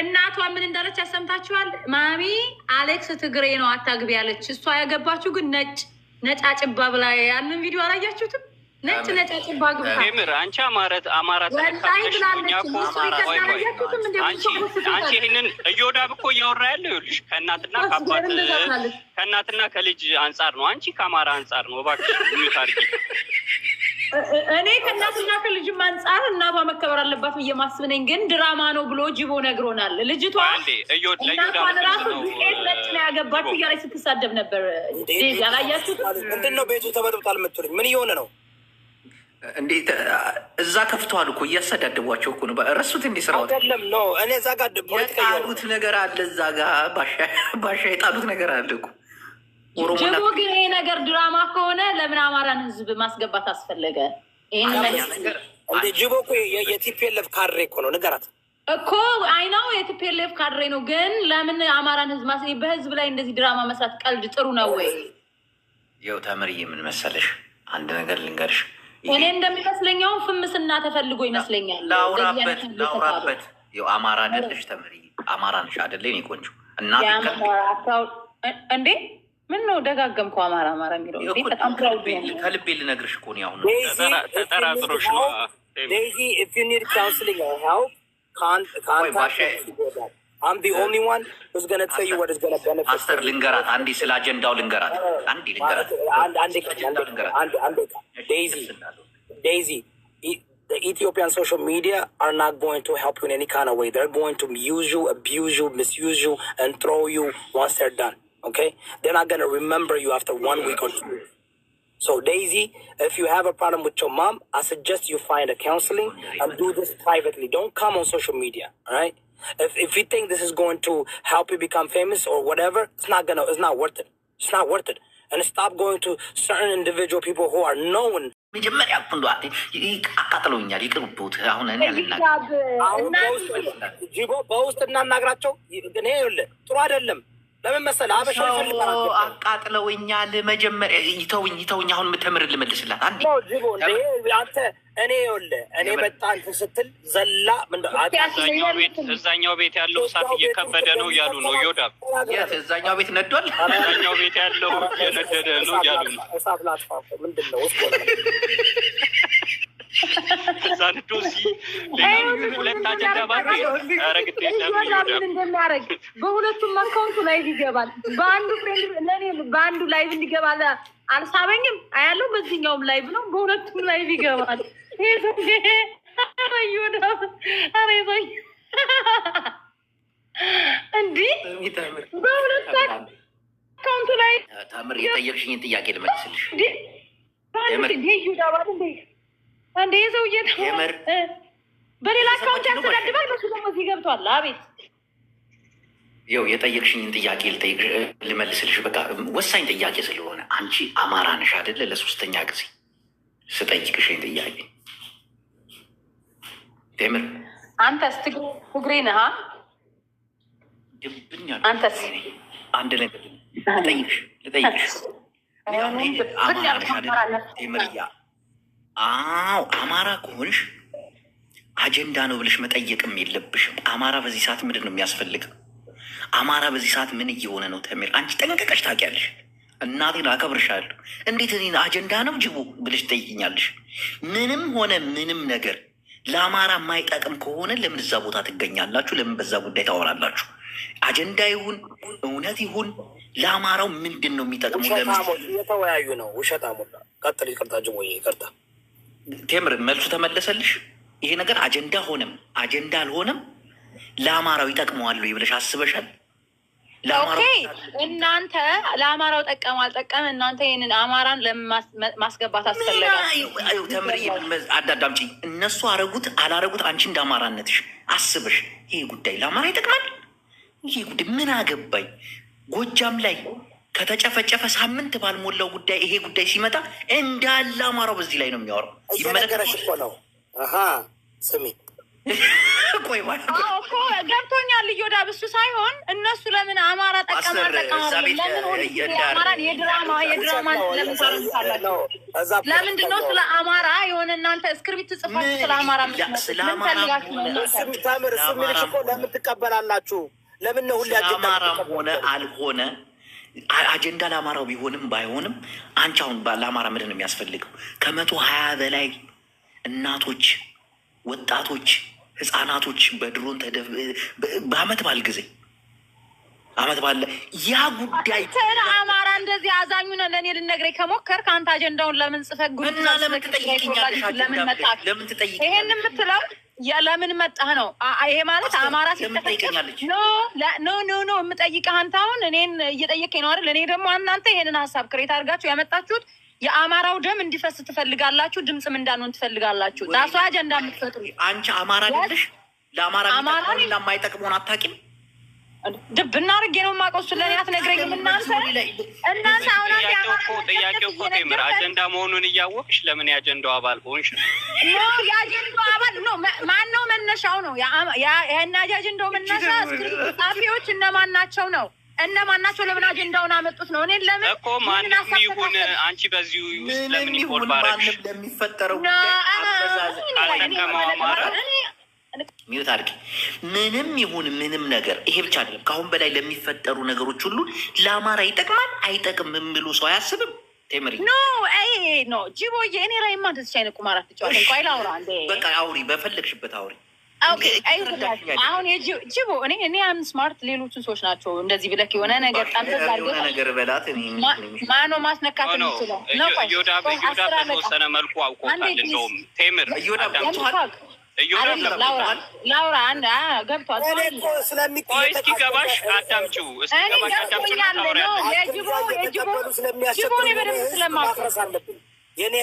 እናቷ ምን እንዳለች ያሰምታችኋል። ማሚ አሌክስ ትግሬ ነው አታግቢ ያለች። እሷ ያገባችሁ ግን ነጭ ነጫጭባ ብላ ያንን ቪዲዮ አላያችሁትም? ነጭ ነጫጭባ ግብታ አንቺ አማረት አማራት አንቺ ይህንን እዮዳብ እኮ እያወራ ያለ ይኸውልሽ፣ ከእናትና ከአባት ከእናትና ከልጅ አንጻር ነው። አንቺ ከአማራ አንጻር ነው። እባክሽ ታርጊ እኔ ከእናትና ከልጅም አንጻር እናቷ መከበር አለባት ብዬ ማስብ ነኝ። ግን ድራማ ነው ብሎ ጅቦ ነግሮናል። ልጅቷ እናቷን ራሱ ዱቄት ነጭ ነው ያገባችሁ እያለች ስትሳደብ ነበር። ያላያችሁት ምንድን ነው? ቤቱ ተበጥብጣል የምትሉኝ ምን እየሆነ ነው? እንዴት እዛ ከፍተዋል እኮ እያሰዳደቧቸው እኮ ነው። ረሱት እንዲ ስራ አይደለም ነው እኔ እዛ ጋር የጣሉት ነገር አለ። እዛ ጋር ባሻ የጣሉት ነገር አለ እኮ ኦሮሞ ግን ይሄ ነገር ድራማ ከሆነ ለምን አማራን ህዝብ ማስገባት አስፈለገ? ይህን ጅቦ እኮ የቲፒኤልኤፍ ካድሬ እኮ ነው። ንገራት እኮ አይናው የቲፒኤልኤፍ ካድሬ ነው። ግን ለምን አማራን ህዝብ ማስ በህዝብ ላይ እንደዚህ ድራማ መስራት ቀልድ ጥሩ ነው ወይ? ያው አንድ ነገር ልንገርሽ። እኔ ፍምስና ተፈልጎ ይመስለኛል። ላውራበት ላውራበት አማራ አይደለሽ አማራ ነሽ አይደለ? እኔ ቆንጆ እና እንዴ ምን ነው ደጋገምኩ። አማራ አማራ የሚለው ከልቤ ልነግርሽ እኮ ነው። አሁን ተጠራጥሮሽ ነው። አስተር ልንገራት አንዴ፣ ስለ አጀንዳው ልንገራት አንዴ፣ ልንገራት ዴይዚ ኢትዮጵያን ሶሻል ሚዲያ አር ናት ጎይንግ ቱ ሄልፕ ዩ ኢን ኤኒ ካይንድ ኦፍ ዌይ ዜር ጎይንግ ቱ ዩዝ ዩ አቢዩዝ ዩ ሚስዩዝ ዩ ኤንድ ትሮው ዩ ዋንስ ዜር ዳን Okay? They're not going to remember you after one week or two. So, Daisy, if you have a problem with your mom, I suggest you find a counseling and do this privately. Don't come on social media, all right? If, if you think this is going to help you become famous or whatever, it's not gonna, it's not worth it. It's not worth it. And stop going to certain individual people who are known መጀመሪያ ይቅርቡት። አሁን እኔ አሁን ጅቦ በውስጥ እናናግራቸው። እኔ ጥሩ አይደለም። ለምን መሰለህ አበሻ አቃጥለውኛል። መጀመሪያ ይተውኝ ይተውኝ። አሁን ምተምር ልመልስላት አንዴ አንተ እኔ ይኸውልህ እኔ በጣም ስትል ዘላ እዛኛው ቤት ያለው እሳት እየከበደ ነው እያሉ ነው። ዮዳብ እዛኛው ቤት ነዷል። እዛኛው ቤት ያለው እየነደደ ነው እያሉ ነው። ዛንዶ ሲ እንደሚያደርግ በሁለቱም አካውንቱ ላይ ይገባል። በአንዱ ፍሬንድ ለእኔ በአንዱ ላይቭ እንዲገባ አልሳበኝም አያለው። በዚህኛውም ላይቭ ነው፣ በሁለቱም ላይቭ ይገባል። እንዲህ በሁለቱ አካውንቱ ላይ ታምር የጠየቅሽኝን ጥያቄ ልመልስልሽ እንደ የሰውዬ በሌላ አካውንት ያስተዳድባል። በሱ ደግሞ እዚህ ገብቷል። አቤት ይኸው የጠየቅሽኝን ጥያቄ ልጠይቅ ልመልስልሽ። በቃ ወሳኝ ጥያቄ ስለሆነ አንቺ አማራ ነሽ አይደለ? ለሶስተኛ ጊዜ ስጠይቅሽኝ ጥያቄ ቴምር፣ አንተስ ትግሬ ነህ? ድብኛ አንተስ አንድ ነገር ልጠይቅሽ ልጠይቅሽ ቴምርያ አዎ አማራ ከሆንሽ አጀንዳ ነው ብለሽ መጠየቅም የለብሽም። አማራ በዚህ ሰዓት ምንድን ነው የሚያስፈልግ? አማራ በዚህ ሰዓት ምን እየሆነ ነው? ተሜር አንቺ ጠንቀቀሽ ታውቂያለሽ። እናቴን አከብርሻለሁ። እንዴት እኔ አጀንዳ ነው ጅቡ ብለሽ ትጠይቅኛለሽ? ምንም ሆነ ምንም ነገር ለአማራ የማይጠቅም ከሆነ ለምን እዛ ቦታ ትገኛላችሁ? ለምን በዛ ጉዳይ ታወራላችሁ? አጀንዳ ይሁን እውነት ይሁን ለአማራው ምንድን ነው የሚጠቅሙ? ለምን ነው? ውሸት አሞላ ቀጥል። ይቅርታ ጅቡ፣ ይቅርታ ቴምር መልሱ ተመለሰልሽ። ይሄ ነገር አጀንዳ ሆነም አጀንዳ አልሆነም ለአማራው ይጠቅመዋል ብለሽ አስበሻል? እናንተ ለአማራው ጠቀም አልጠቀም እናንተ ይህንን አማራን ለማስገባት አስፈለጋተምር አዳዳምጪ እነሱ አረጉት አላረጉት አንቺ እንደ አማራነትሽ አስበሽ ይሄ ጉዳይ ለአማራ ይጠቅማል፣ ይሄ ጉዳይ ምን አገባኝ ጎጃም ላይ ከተጨፈጨፈ ሳምንት ባልሞላው ጉዳይ ይሄ ጉዳይ ሲመጣ እንዳለ አማራው በዚህ ላይ ነው የሚያወራው። ይመለከተሽ እኮ ነው። ስሚ እኮ ገብቶኛል። ሳይሆን እነሱ ለምን አማራ ጠቀማ ጠቀማ ለምን አማራን የድራማ የድራማ ለምንድን ነው ስለ አማራ የሆነ እናንተ እስክርቢት ጽፋችሁ ስለ አማራ ምንፈልጋችሁ እኮ ለምን ትቀበላላችሁ? ለምን ነው ሁሌ ሆነ አልሆነ አጀንዳ ለአማራው ቢሆንም ባይሆንም አንቺ አሁን ለአማራ ምድር ነው የሚያስፈልገው? ከመቶ ሀያ በላይ እናቶች፣ ወጣቶች፣ ህፃናቶች በድሮን ተደፍ በአመት ባል ጊዜ አመት ባለ ያ ጉዳይ እንትን አማራ እንደዚህ አዛኙ ነ ለእኔ ልነግረኝ ከሞከር ከአንተ አጀንዳውን ለምን ጽፈህ ጉድ ለምን ትጠይቅኛለሽ? ለምን መጣ? ይሄን የምትለው ለምን መጣህ ነው። ይሄ ማለት አማራ ሲጠይቀኛለች። ኖ ኖ የምጠይቀህ አንተ አሁን እኔን እየጠየቀኝ ነው አይደል? እኔ ደግሞ እናንተ ይሄንን ሀሳብ ክሬት አድርጋችሁ ያመጣችሁት የአማራው ደም እንዲፈስ ትፈልጋላችሁ፣ ድምፅም እንዳንሆን ትፈልጋላችሁ። ራሱ አጀንዳ የምትፈጥሩ አንቺ አማራ ልሽ ለአማራ ለማይጠቅመውን አታውቂም። ድብ እናርጌ ነው ስለማውቀው እሱ ለእኔ አትነግረኝም። እናንተ እናንተ አሁን ጥያቄው እኮ ቴምር አጀንዳ መሆኑን እያወቅሽ ለምን የአጀንዳው አባል ሆንሽ? የአጀንዳው አባል ማን ነው? መነሻው ነው ያና አጀንዳው መነሻ ጸሐፊዎች እነማን ናቸው ነው እነማን ናቸው? ለምን አጀንዳውን አመጡት ነው። እኔ ለምን እኮ ማንም ይሁን አንቺ በዚሁ ውስጥ ለምን ይሆን ባረግሽ ለሚፈጠረው አልጠቀመው ሚዩት አድርጊ። ምንም ይሁን ምንም ነገር ይሄ ብቻ አይደለም። ከአሁን በላይ ለሚፈጠሩ ነገሮች ሁሉ ለአማራ ይጠቅማል አይጠቅም ብሎ ሰው አያስብም። ቴምሪ ኖ ኖ ጅቦዬ፣ እኔ ማ እንደዚህ አይነት ቁማራ አትጫወት። እንኳ ይላውራ እንዴ! በቃ አውሪ፣ በፈለግሽበት አውሪ። አሁን ጅቦ እኔ እኔ አም ስማርት ሌሎችን ሰዎች ናቸው እንደዚህ ብለክ የሆነ ነገር ነገር በላት ማኖ ማስነካት የሚችለው ነው። ቆይ እዮዳብ በተወሰነ መልኩ አውቆታል። እንደውም ቴምር ላውራ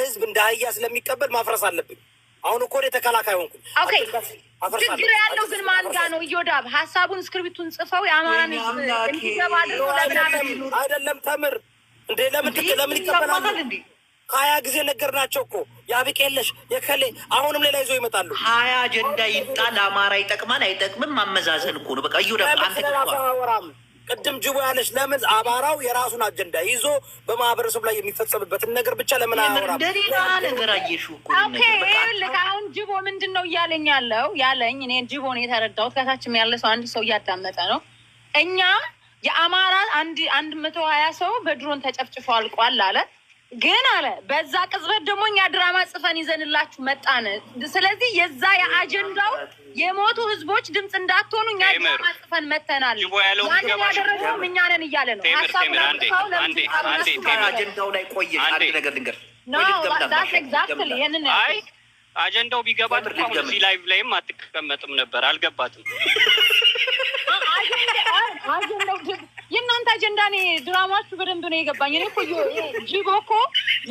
ህዝብ እንደ አህያ ስለሚቀበል ማፍረስ አለብኝ። አሁን እኮ እኔ ተከላካይ ሆንኩኝ። ችግር ያለው ግን ማን ጋ ነው? እዮዳብ ሀሳቡን እስክሪብቱን ጽፈው የአማራን እንዲገባ አይደለም ተምር እንዴ ለምን ለምን ይቀበላል? ሀያ ጊዜ ነገርናቸው እኮ የአብቄለሽ የከሌ አሁንም ሌላ ይዞ ይመጣሉ። ሀያ አጀንዳ ይጣል። ለአማራ ይጠቅማል አይጠቅምም ማመዛዘን እኮ ነው። በቃ አወራም ቅድም ጅቦ ያለች ለምን አማራው የራሱን አጀንዳ ይዞ በማህበረሰብ ላይ የሚፈጸምበትን ነገር ብቻ ለምን አያወራም? ነገር አየሹ አሁን ጅቦ ምንድን ነው እያለኝ ያለው ያለኝ እኔ ጅቦን የተረዳሁት ከታችም ያለ ሰው አንድ ሰው እያዳመጠ ነው። እኛ የአማራ አንድ አንድ መቶ ሀያ ሰው በድሮን ተጨፍጭፎ አልቋል አለ ግን አለ በዛ ቅጽበት ደግሞ እኛ ድራማ ጽፈን ይዘንላችሁ መጣን። ስለዚህ የዛ የአጀንዳው የሞቱ ህዝቦች ድምፅ እንዳትሆኑ እኛ ድራማ ጽፈን መተናል። ያን ያደረገውም እኛ ነን እያለ ነው። አጀንዳው ላይ ቆየ አንድ ነገር ልንገር አይ አጀንዳው ቢገባት እዚህ ላይቭ ላይም አትቀመጥም ነበር። አልገባትም አጀንዳው የእናንተ አጀንዳ እኔ ድራማችሁ በደንብ ነው የገባኝ። እኔ እኮ ጅቦ እኮ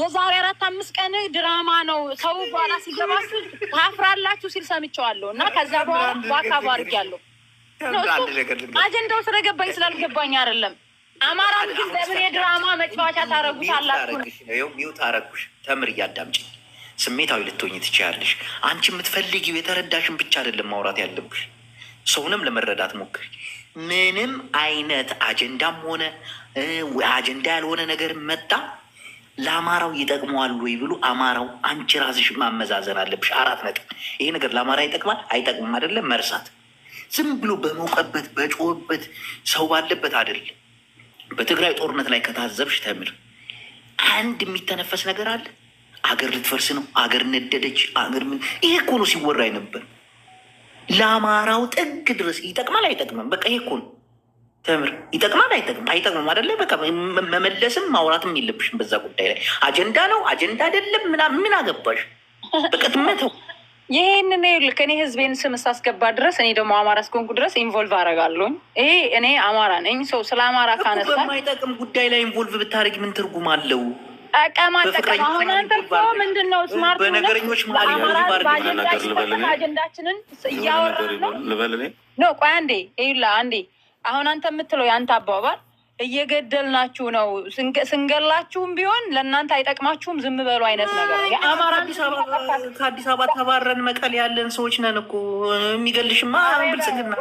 የዛሬ አራት አምስት ቀን ድራማ ነው ሰው በኋላ ሲገባችሁ ታፍራላችሁ ሲል ሰምቼዋለሁ እና ከዛ በኋላ በአካባቢ አድርጊያለሁ። አጀንዳው ስለገባኝ ስላልገባኝ አይደለም። አማራን ግን ለምን የድራማ መጫወቻ ታረጉት አላችሁ? ሚውት አረኩሽ። ተምር እያዳምጭ ስሜታዊ ልትሆኝ ትችያለሽ። አንቺ የምትፈልጊው የተረዳሽን ብቻ አይደለም ማውራት ያለብሽ ሰውንም ለመረዳት ሞክር። ምንም አይነት አጀንዳም ሆነ አጀንዳ ያልሆነ ነገር መጣ ለአማራው ይጠቅመዋል ወይ ብሎ አማራው አንቺ ራስሽ ማመዛዘን አለብሽ። አራት ነጥብ። ይሄ ነገር ለአማራ ይጠቅማል አይጠቅምም አይደለም መርሳት። ዝም ብሎ በመውቀበት በጮበት ሰው ባለበት አይደለም። በትግራይ ጦርነት ላይ ከታዘብሽ ተምር። አንድ የሚተነፈስ ነገር አለ። አገር ልትፈርስ ነው፣ አገር ነደደች፣ አገር ምን። ይሄ እኮ ነው ሲወራ አይነበር። ለአማራው ጥግ ድረስ ይጠቅማል አይጠቅምም? በቃ ይሄ እኮ ነው ተምር ይጠቅማል አይጠቅምም? አይጠቅምም አደለ? በቃ መመለስም ማውራትም የለብሽም በዛ ጉዳይ ላይ አጀንዳ ነው አጀንዳ አይደለም ምን አገባሽ? በቃ ትመተው ይህንን እኔ ህዝቤን ስም እስካስገባ ድረስ እኔ ደግሞ አማራ እስከሆንኩ ድረስ ኢንቮልቭ አደርጋለሁኝ። ይሄ እኔ አማራ ነኝ ሰው ስለ አማራ ካነሳ በማይጠቅም ጉዳይ ላይ ኢንቮልቭ ብታደርግ ምን ትርጉም አለው? ጠቀማ ጠቀማ አሁን አንተ እኮ ምንድን ነው ስማርት በነገረኞች አጀንዳችንን እያወራ ነው። ቆይ አንዴ ይላ አንዴ አሁን አንተ የምትለው የአንተ አባባል እየገደልናችሁ ነው። ስንገላችሁም ቢሆን ለእናንተ አይጠቅማችሁም፣ ዝም በሉ አይነት ነገር። ከአዲስ አበባ ተባረን መቀሌ ያለን ሰዎች ነን እኮ የሚገልሽማ ብልጽግና።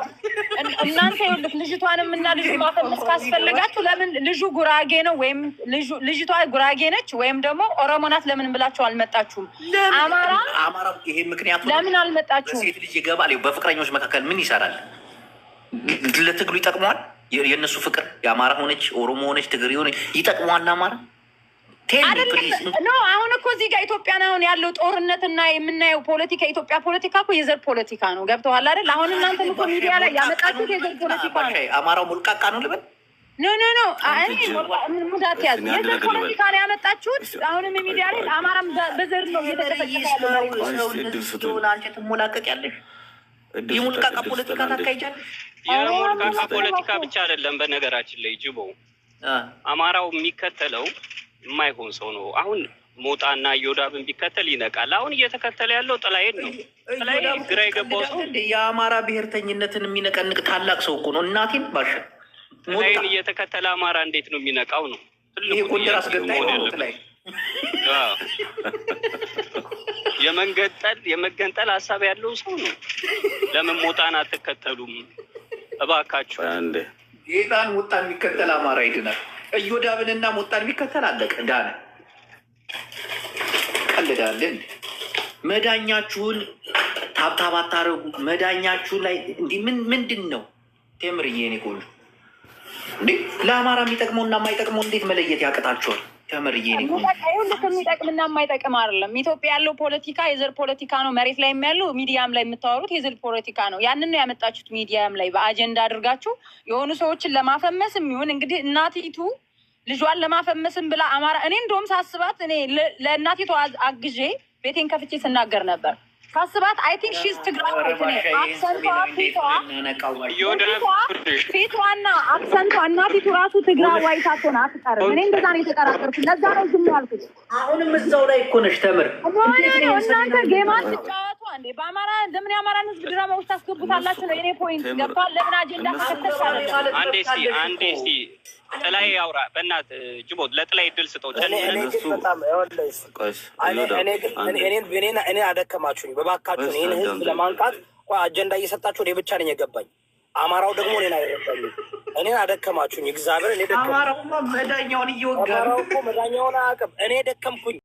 እናንተ ይኸውልሽ፣ ልጅቷንም እና ልጁ ማፈለስ ለምን ልጁ ጉራጌ ነው ወይም ልጅቷ ጉራጌ ነች ወይም ደግሞ ኦሮሞ ናት ለምን ብላችሁ አልመጣችሁም? አማራ ይሄ ምክንያቱ ለምን አልመጣችሁም? ሴት ልጅ ይገባል። በፍቅረኞች መካከል ምን ይሰራል? ለትግሉ ይጠቅመዋል የእነሱ ፍቅር የአማራ ሆነች ኦሮሞ ሆነች ትግሬ ሆነች ይጠቅመዋል አማራ አሁን እኮ እዚህ ጋር ኢትዮጵያን አሁን ያለው ጦርነትና የምናየው ፖለቲካ ኢትዮጵያ ፖለቲካ እኮ የዘር ፖለቲካ ነው። ገብተዋል አይደል? አሁን እናንተ እኮ ሚዲያ ላይ ያመጣችሁት የዘር ፖለቲካ ነው። አማራው ሞልቃቃ ነው ልበል? ኖ ኖ ኖ ሙዳት ያዝ የዘር ፖለቲካ ላይ ያመጣችሁት አሁንም ሚዲያ ላይ አማራም በዘር ነው እየተጠቀቀ ያለው ነው። አንቺ ትሞላቀቅ ያለሽ የሙልቃቃ ፖለቲካ ታካሂጃለሽ? የሙልቃቃ ፖለቲካ ብቻ አይደለም። በነገራችን ላይ ጅቦ አማራው የሚከተለው የማይሆን ሰው ነው። አሁን ሞጣና እዮዳብን ቢከተል ይነቃል። አሁን እየተከተለ ያለው ጥላዬን ነው። ጥላዬን ግራ የገባው ሰው የአማራ ብሔርተኝነትን የሚነቀንቅ ታላቅ ሰው እኮ ነው። እናቴን ባሸ ጥላዬን እየተከተለ አማራ እንዴት ነው የሚነቃው? ነው ቁጥር አስገዳይ ነው ትልቁ የመንገጠል የመገንጠል ሀሳብ ያለው ሰው ነው። ለምን ሞጣን አትከተሉም? እባካችሁ ጌታን ሞጣ የሚከተል አማራ ይድናል። እዮዳብንና ሞጣን የሚከተል አለቀ ዳነ። ቀልዳለን መዳኛችሁን ታብታብ አታረጉ። መዳኛችሁን ላይ እንዲህ ምንድን ነው ቴምርዬ? እኔ ቆንጆ እንዴ ለአማራ የሚጠቅመውና የማይጠቅመው እንዴት መለየት ያቅጣችኋል? የሚጠቅምና የማይጠቅም አይደለም። ኢትዮጵያ ያለው ፖለቲካ የዘር ፖለቲካ ነው። መሬት ላይ ያለው ሚዲያም ላይ የምታወሩት የዘር ፖለቲካ ነው። ያንን ነው ያመጣችሁት ሚዲያም ላይ በአጀንዳ አድርጋችሁ የሆኑ ሰዎችን ለማፈመስ የሚሆን እንግዲህ እናቲቱ ልጇን ለማፈመስም ብላ አማራ እኔ እንደውም ሳስባት እኔ ለእናቲቱ አግዤ ቤቴን ከፍቼ ስናገር ነበር ታስባት አይ ቲንክ ሺዝ ትግራይ አክሰንቷ ፊቷ ፊቷና አክሰንቷ እና ፊቱ ራሱ ትግራዋይ ሳትሆን አትቀርም። እኔ እንደዛ ነው የተጠራጠርኩት። ለዛ ነው ዝም ያልኩት። አሁንም እዛው ላይ እኮ ነሽ ተምር። እናንተ ጌማ ትጫወቱ እንዴ? በአማራ ለምን የአማራን ህዝብ ድራማ ውስጥ አስገቡታላችሁ? ነው የኔ ፖይንት። ገብቷል? ለምን አጀንዳ ተከተሻለ? አንዴ ሲ አንዴ ሲ ጥላይ አውራ በእናትህ ጅቦ ለጥላይ ድል ስጠው። እኔ አደከማችሁ፣ በባካችሁ ይህን ህዝብ ለማንቃት አጀንዳ እየሰጣችሁ እኔ ብቻ ነኝ የገባኝ። አማራው ደግሞ እኔን አይረባኝ። እኔን አደከማችሁኝ። እግዚአብሔር እኔ ደከምኩኝ። መዳኛውን እየወጋ ነው። መዳኛውን አያውቅም። እኔ ደከምኩኝ።